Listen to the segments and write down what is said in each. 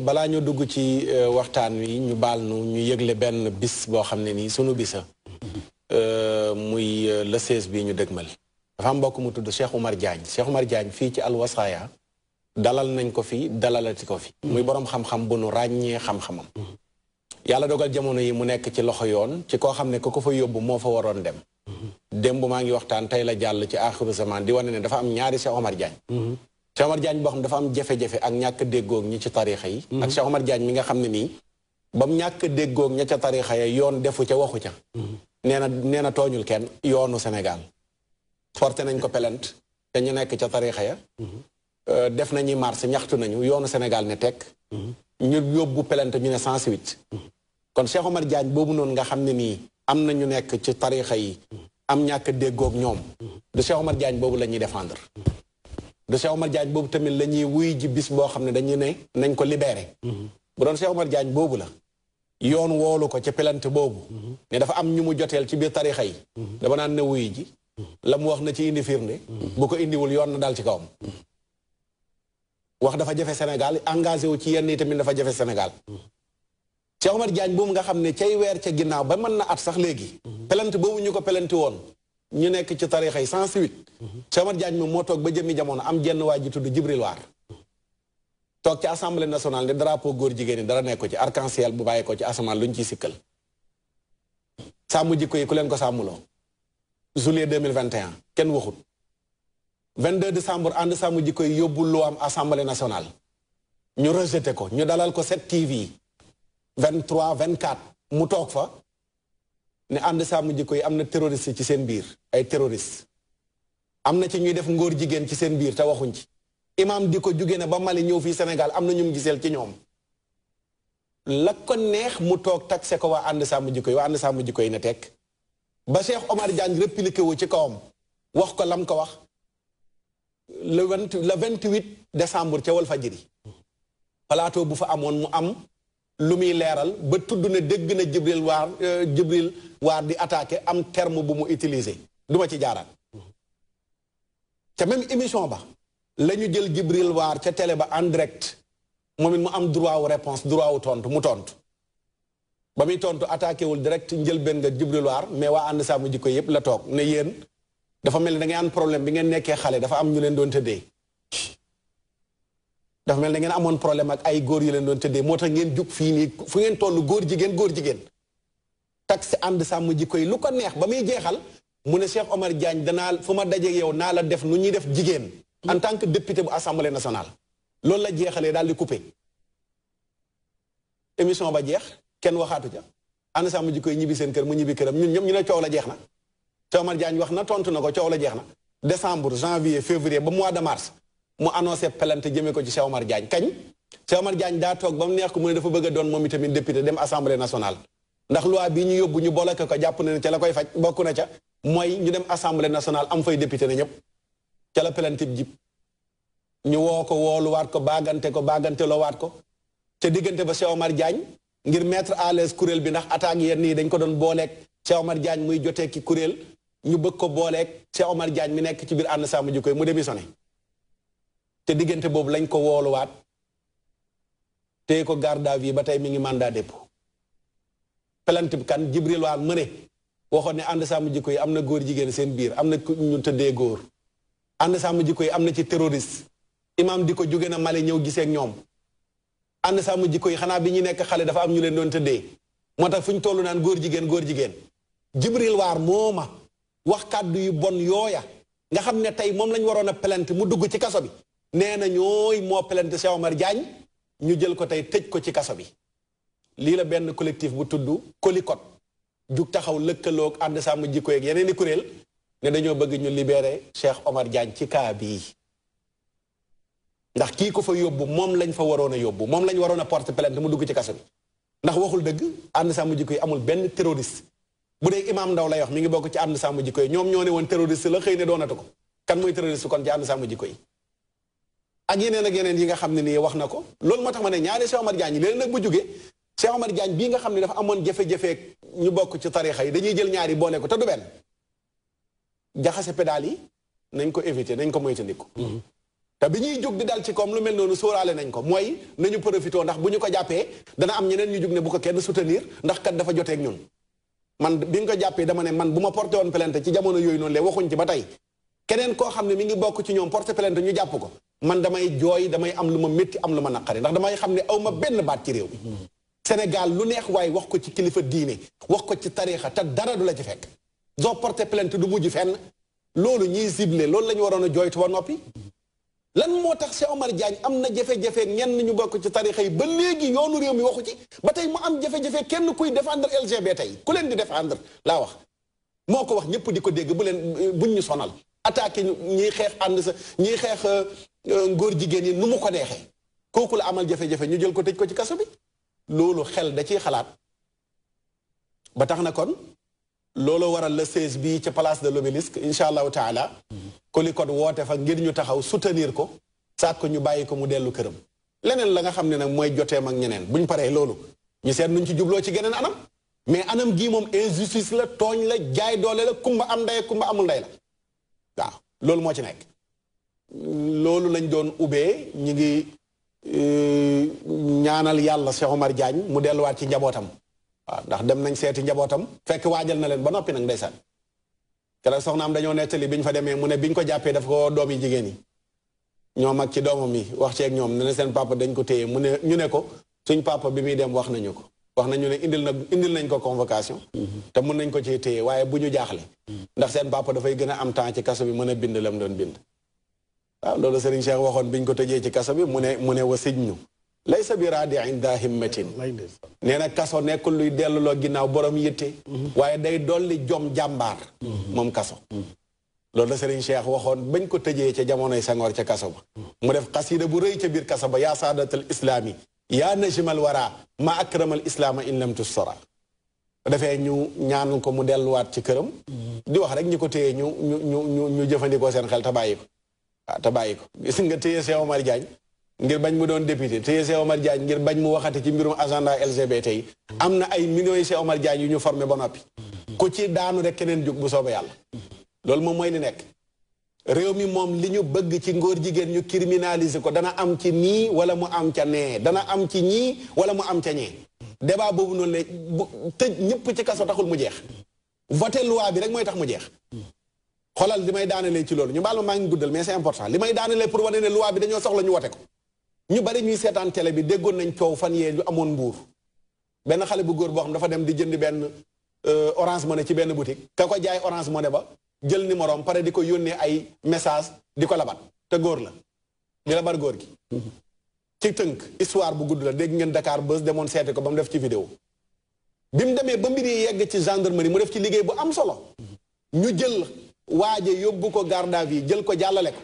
balaa ñu dugg ci euh, waxtaan wi ñu baal nu ñu yëgle benn bis boo xam ne nii sunu bisa euh, muy euh, le 16 bii ñu dëgmal dafa am mbokk mu tudd Cheikh Oumar Diagne Cheikh Oumar fii ci alwasaaya dalal nañ ko fi dalalati ko fi muy boroom xam-xam bu nu ràññee xam-xamam yàlla dogal jamono yi mu nekk ci loxo yoon ci koo xam ne ku ko fa yóbbu moo fa waroon dem démb maa ngi waxtaan tey la jàll ci aaxiru zaman di wane ne dafa am ñaari Cheikh Oumar Cheikh Omar boo xam dafa am jafe-jafe ak ñàkk déggoog ñi ci tarixa yi mm-hmm. ak Cheikh Omar Diagne mi nga xam ne nii ba mu ñàkk déggoog ña ca tarixa ya yoon defu ca waxu ca mm-hmm. nee na nee na tooñul kenn yoonu Sénégal porté nañ ko pelent te nekk ca tarixa ya mm-hmm. euh, def nañu marché ñaxtu nañu yoonu Sénégal ne teg ñu yóbbu pelent ñu ne 108 kon Cheikh Omar Diagne boobu noonu nga xam ne nii am na ñu nekk ci tarixa yi am ñàkk déggook ñoom du Cheikh Omar Diagne boobu la ñuy défendre du Cheikh Omar Diagne boobu tamit la ñuy wuy ji bis boo xam ne dañu ne nañ ko libéré. Mhm. bu doon Cheikh Omar Diagne boobu la. yoon woolu ko ca pelante boobu. Mhm. ne dafa am ñu mu joteel ci biir tarixa yi. Mhm. dama naan ne wuy ji. la mu wax na ci indi firnde. bu ko indiwul yoon na daal ci kawam. wax dafa jafe Sénégal engagé wu ci yenn yi tamit dafa jafe Sénégal. Cheikh Omar Diagne boobu nga xam ne cay weer ca ginnaaw ba mën na at sax léegi. pelante boobu ñu ko pelante woon. ñu nekk ci tarixa yi cent huit Cheikh Diagne moom moo toog ba jëmmi jamono am jenn waa ji tudd Jibril Waar toog ci assemblée nationale ni drapeau góor jigéen ñi dara nekk ci arc bu bàyyi ko ci asamaan lu ñu ciy sikkal sàmm jikko yi ku leen ko sàmmuloo juillet 2021 kenn waxut deux décembre ànd sàmm jikko yi yóbbu lu am assemblée nationale ñu rejeté ko ñu dalal ko 7 TV 23 24 mu toog fa ne ànd sàmm jikko yi am na terroriste ci seen biir ay terroriste am na ci ñuy def ngóor jigéen ci seen biir te waxuñ ci imaam di ko jugee na ba Mali ñëw fii Sénégal am na ñu mu giseel ci ñoom la ko neex mu toog taxe ko waa ànd sàmm jikko yi waa ànd sàmm jikko yi ne tekk ba Cheikh Omar Diagne répliqué wu ci kawam wax ko lam ko wax le vingt le vingt-huit décembre ca Walfadjri plateau bu fa amoon mu am lu muy leeral ba tudd na dégg na Jibril Waar euh, Jibril Waar di attaqué am terme bu mu utilisé duma ci jaaraat ca même émission ba lañu jël Jibril Waar ca tele ba en direct moom it mu am droit wu réponse droit wu tontu mu tontu ba muy tontu attaqué wul direct njël benn nga Jibril Waar mais waa ànd saamu jikko yëpp la toog ne yéen dafa mel ni da ngay problème bi ngeen nekkee xale dafa am ñu leen doon tëddee dafa mel na ngeen amoon problème ak ay góor yi leen doon tëddee moo tax ngeen jug fii nii fu ngeen tollu góor jigéen góor jigéen tax ànd sàmm jikkoy lu ko neex ba muy jeexal mu ne Cheikh Omar jaañ danaa fu ma dajeeg naa la def nu ñuy def jigéen en tant que député bu assemblée nationale loolu la jeexalee daal di coupé émission ba jeex kenn waxaatu ca ànd sàmm jikko yi ñibbi seen kër mu ñibbi këram ñun ñëpp ñu ne coow la jeex na Cheikh Omar jaañ wax na tontu na ko coow la jeex na décembre janvier février ba mois de mars mu annoncé plainte jëmee ko ci Cheikh Omar Diagne kañ Cheikh Omar Diagne daa toog ba mu neex ko mu ne dafa bëgg doon moom itamit député dem assemblée nationale ndax loi bi ñu yóbbu ñu bolake ko jàpp na ne ca la koy faj bokk na ca mooy ñu dem assemblée nationale am fay député na ñëpp ca la plainte jib ñu ko wooluwaat ko baagante ko baagante loowaat ko ca diggante ba sew Omar Diagne ngir mettre à l'aise kuréel bi ndax attaques yenn yi dañ ko doon booleeg Cheikh Omar Diagne muy jotee ki kuréel ñu bëgg ko booleek Cheikh Omar Diagne mi nekk ci biir ànd saamu jikko yi mu démissionné te diggante boobu lañ ko wooluwaat téye ko garde à ba tey mi ngi mandat dépôt pelante bi kan Jibril Waar mu ne waxoon ne ànd sàmm jikko yi am na góor jigéen seen biir am na ñu tëddee góor ànd sàmm jikko yi am na ci terroriste imam di ko jóge na Mali ñëw giseek ak ñoom ànd sàmm jikko yi xanaa bi ñu nekk xale dafa am ñu leen doon tëddee moo tax fu ñu toll naan góor jigéen góor jigéen Jibril Waar mooma wax kàddu yu bon yooya nga xam ne tey moom lañ waroon a pelante mu dugg ci kaso bi nee na ñooy moo plainte Cheikh Omar jaañ ñu jël ko tey tëj ko ci kaso bi lii la benn collectif bu tudd Colicot jug taxaw lëkkaloog ànd sàmm jikko yeeg yeneen i kuréel ne dañoo bëgg ñu libérer Cheikh Omar Diagne ci kaa bii ndax kii ko fa yóbbu moom lañ fa waroon a yóbbu moom lañ waroon porte plainte mu dugg ci kaso bi ndax waxul dëgg ànd sàmm jikko yi amul benn terroriste bu dee imaam ndaw lay wax mi ngi bokk ci ànd sàmm jikko yi ñoom ñoo ne woon terroriste la xëy ne doonatu ko kan mooy terroriste kon ci ànd sàmm jikko yi ak yeneen ak yeneen yi nga xam ne nii wax na ko loolu moo tax ma ne ñaari Cheikh Omar Diagne léegi nag bu jógee Cheikh Omar Diagne bii nga xam ne dafa amoon jafe-jafe ñu bokk ci tarixa yi dañuy jël ñaari boole ko te du benn jaxase pédale yi nañ ko éviter nañ ko moytandiku mhm. te bi ñuy jóg di dal ci koom lu mel noonu sóoraale nañ ko mooy nañu profité ndax bu ñu ko jàppee dana am ñeneen ñu jug ne bu ko kenn soutenir ndax kat dafa joteek ñun man bi ñu ko jàppee dama ne man bu ma porté woon plainte ci jamono yooyu noonu lee waxuñ ci ba tey keneen koo xam ne mi ngi bokk ci ñoom porté plainte ñu jàpp ko man damay jooy damay am lu ma métti am lu ma naqari ndax damay xam ne aw ma benn baat ci réew mm-hmm. Sénégal lu neex waaye wax ko ci kilifa diine wax ko ci tariixa te dara du la ci fekk doo porter plainte du mujj fenn loolu ñuy ciblé loolu la ñu waroon a jooytu ba noppi mm-hmm. lan moo tax Cheikh Omar Diagne am na jafe-jafe ñenn ñu bokk ci tarixa yi ba léegi yoonu réew mi waxu ci ba tey mu am jafe-jafe kenn kuy défendre LGBT tey ku leen di défendre laa wax moo ko wax ñëpp di ko dégg bu ñu sonal attaqué ñuy xeex ànd sa ñuy xeex euh, Euh, ngóor jigéen yi nu mu ko neexee kooku la amal jafe-jafe ñu jël ko tëj ko ci kaso bi loolu xel da ciy xalaat ba tax na kon loolu waral la 16 bii ci place de l'obélisque incha allahu taala kolikot woote fa ngir ñu taxaw soutenir ko saat ko ñu bàyyi ko mu dellu këram leneen la nga xam ne nag mooy joteem ak ñeneen buñ paree loolu ñu seet nuñ ci jubloo ci geneen anam mais anam gii moom injustice la tooñ la jaay doole la kumba am ndey kumba amul ndey la loolu moo ci nekk loolu lañ doon ubbee ñu ngi e, ñaanal yàlla Cheikh Omar Diagne mu delluwaat ci njabootam waaw ndax dem nañ seeti njabootam fekk waajal na leen ba noppi nag ndeysaan keroog soxnaam dañoo nettali bi ñu fa demee mu ne bi ñu ko jàppee dafa ko doom yi jigéen yi ñoom ak ci doomam yi wax ceeg ñoom ne ne seen papa dañ ko téye mu ne ñu ne ko suñ papa bi muy dem wax nañu ko wax nañu ne indil na indil nañ ko convocation mm-hmm. te mun nañ ko ci téye waaye bu ñu jaaxle mm-hmm. ndax seen papa dafay gën a am temps ci kaso bi mën a bind lam doon bind waaw ah, loolu Serigne Cheikh waxoon bañ ko tëjee ci kaso bi mu ne mu ne wa sijnu laysa bi raadi inda himmatin nee na kaso nekkul luy delluloo ginnaaw boroom yitte waaye day dolli jom jàmbaar moom kaso loolu la Serigne Cheikh waxoon bañ ko tëjee ca jamonoy Senghor ca kaso ba mu def xasiida bu rëy ca biir kaso ba yaa saadatal islaami yaa najimal wara ma akramal islaama in lam tussara dafee ñu ñaanu ko mu delluwaat ci këram di wax rek ñi ko téye ñu ñu ñu ñu jëfandikoo seen xel ta bàyyi ko ah te bàyyi ko gis nga téye Cheikh Omar Diagne ngir bañ mu doon député téye Cheikh Omar Diagne ngir bañ mu waxati ci mbirum agenda LGBT yi am na ay millions yi Cheikh Omar Diagne yu ñu formé ba noppi ku ci daanu rek keneen jug bu soobee yàlla loolu moom mooy li nekk réew mi moom li ñu bëgg ci ngóor jigéen ñu criminaliser ko dana am ci nii wala mu am ca nee dana am ci ñii wala mu am ca ñee débat boobu noonu la bu ñëpp ci kaso taxul mu jeex voté loi bi rek mooy tax mu jeex xolal li may daanalee ci loolu ñu baal ma maa ngi guddal mais c'est important li may daanalee pour wane ne loi bi dañoo soxla ñu wote ko ñu bari ñuy seetaan télé bi déggoon nañ coow fan yee ñu amoon mbuur benn xale bu góor boo xam dafa dem di jënd benn euh, orange money ci benn boutique ka ko jaay orange money ba jël numéro pare di ko yónnee ay message di ko labat te góor la di labat góor gi ci tënk histoire bu gudd la dégg ngeen dakaar Buzz demoon seeti ko ba def ci vidéo bi mu demee ba mbir yi yegg ci gendarmerie mu def ci liggéey bu am solo ñu jël waa waaje yóbbu ko garde à jël ko jàllale ko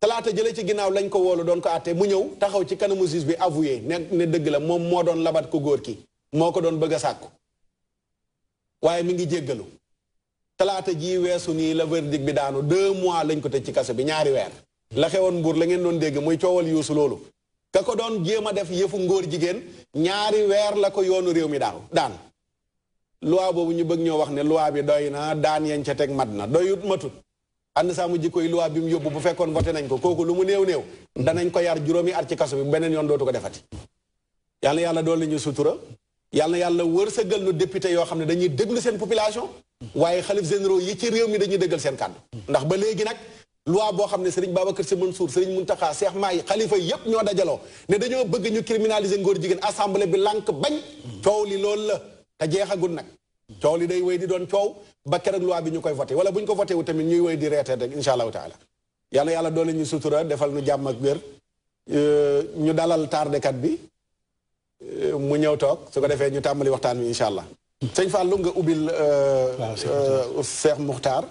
talaata jële ci ginnaaw lañ ko woolu doon ko àtte mu ñëw taxaw ci kanamu juge bi avoué ne ne dëgg la moom moo doon labat ko góor ki moo ko doon bëgg a sàkku waaye mu ngi jéggalu talaata ji weesu nii la verdict bi daanu deux mois lañ ko tëj ci kaso bi ñaari weer la xewoon mbuur la ngeen doon dégg muy coowal yuusu loolu ka ko doon jéem a def yëfu ngóor jigéen ñaari weer la ko yoonu réew mi daaw daan loi boobu ñu bëgg ñoo wax ne loi bi doy na daan yañ ca teg mat na doyut matut ànd saa mu koy loi bi mu yóbbu bu fekkoon voté nañ ko kooku lu mu néew néew danañ ko yar juróomi at ci kaso bi beneen yoon dootu ko defati yàlla yàlla doole ñu sutura yàlla yàlla wërsëgal nu député yoo xam ne dañuy déglu seen population waaye xalif généraux yi ci réew mi dañuy dëggal seen kàddu ba léegi nag loi boo xam ne sëriñ Babacar Sy Mansour sëriñ Mountakha Cheikh Mahi xalifa yëpp ñoo dajaloo ne dañoo bëgg ñu criminaliser ngóor jigéen assemblée bi lànk bañ coow li loolu la te jeexagul nag coow li day woy di doon coow ba keroog loi bi ñu koy voté wala bu ñu ko voté wu tamit ñuy wéy di reetee rek incha allahu yàlla yàlla doole ñu sutura defal ñu jàmm ak wér ñu dalal tardekat bi mu ñëw toog su defee ñu tàmbali waxtaan wi incha allah. sëñ Fallou nga ubbil. waaw Cheikh Muxtaar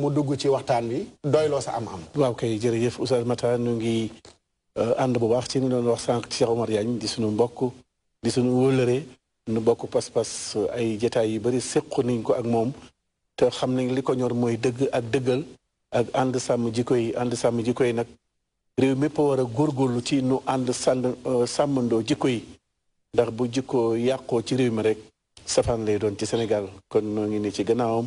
mu dugg ci waxtaan wi. doyloo sa am-am. jërëjëf Oustaz Makhtar ñu ngi ànd bu baax ci ñu doon wax sànq Cheikh Omar Diagne di suñu mbokk di sunu wóllëre nu bokk pas-pas ay jataay yu bari séqu nañ ko ak moom te xam nañ li ko ñor mooy dëgg ak dëggal ak ànd sàmm jikko yi ànd sàmm jikko yi nag réew mépp war a góorgóorlu ci nu ànd sànn euh, sàmmandoo jikko yi ndax bu jikko yàqoo ci réew mi rek safaan lay doon ci Sénégal kon noo ngi ne ci gannaawam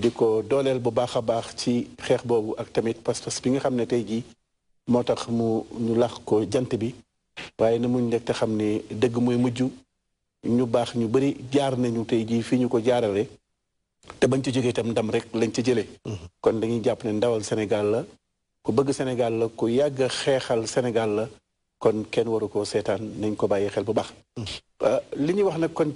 di ko dooleel bu baax a baax ci xeex boobu ak tamit pas-pas bi nga xam ne tey jii moo tax mu ñu làq ko jant bi waaye na muñ nekk te xam ne dëgg mooy mujj ñu baax ñu bari jaar nañu tey jii fii ñu ko jaarale te bañ ci jógee tam ndam rek lañ ca jëlee. Mhm. kon dañuy jàpp ne ndawal senegal la ku bëgg Sénégal la ku yàgg xeexal senegal la kon kenn waru ko seetaan nañ ko bàyyi xel bu baax. Mhm. Euh, li ñuy wax nag kon